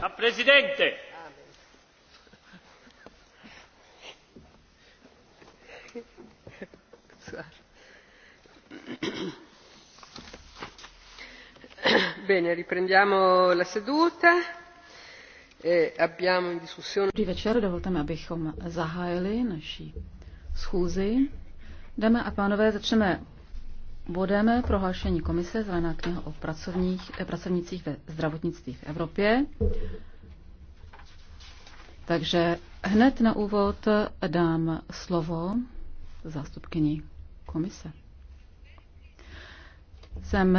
A e Dobrý večer, dovolte mi, abychom zahájili naší schůzi. Dámy a pánové, začneme bodem prohlášení komise Zelená kniha o pracovních, eh, pracovnicích ve zdravotnictví v Evropě. Takže hned na úvod dám slovo zástupkyni komise. Jsem